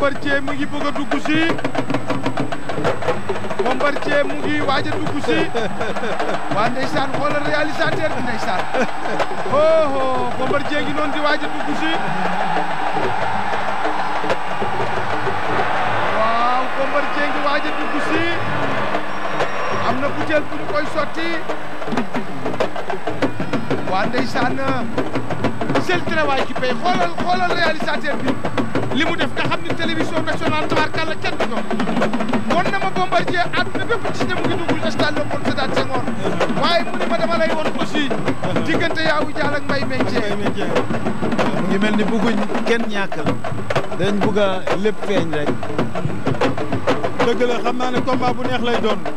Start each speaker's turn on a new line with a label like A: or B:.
A: Bombardier mu ngi bëgg a dugg si Bombardier mu ngi waaj a dugg si waa ndeysaan xoolal réalisateur ndeysaan oho oh, Bombardier ngi noonu di a dugg si waaw ngi waaj a dugg am na butéel bu ñu koy sotti waa ndeysaan euh, sel travail qui paye xoolal xoolal réalisateur bi li mu def nga xam ne télévision nationale tabarkàlla kenn du ko won na ma Bombardier àdduna bépp ci ne mu ngi dugg stade Léopold Sédar Senghor waaye mu ne ma dama lay won aussi diggante yaawu jaal ak mbay
B: ngi mel ni bëgguñ kenn ñàkk la dañ bëgg lépp feeñ rek dëgg xam naa ne combat bu neex lay doon